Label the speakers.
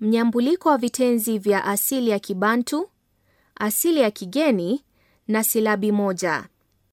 Speaker 1: mnyambuliko wa vitenzi vya asili ya Kibantu, asili ya kigeni na silabi moja.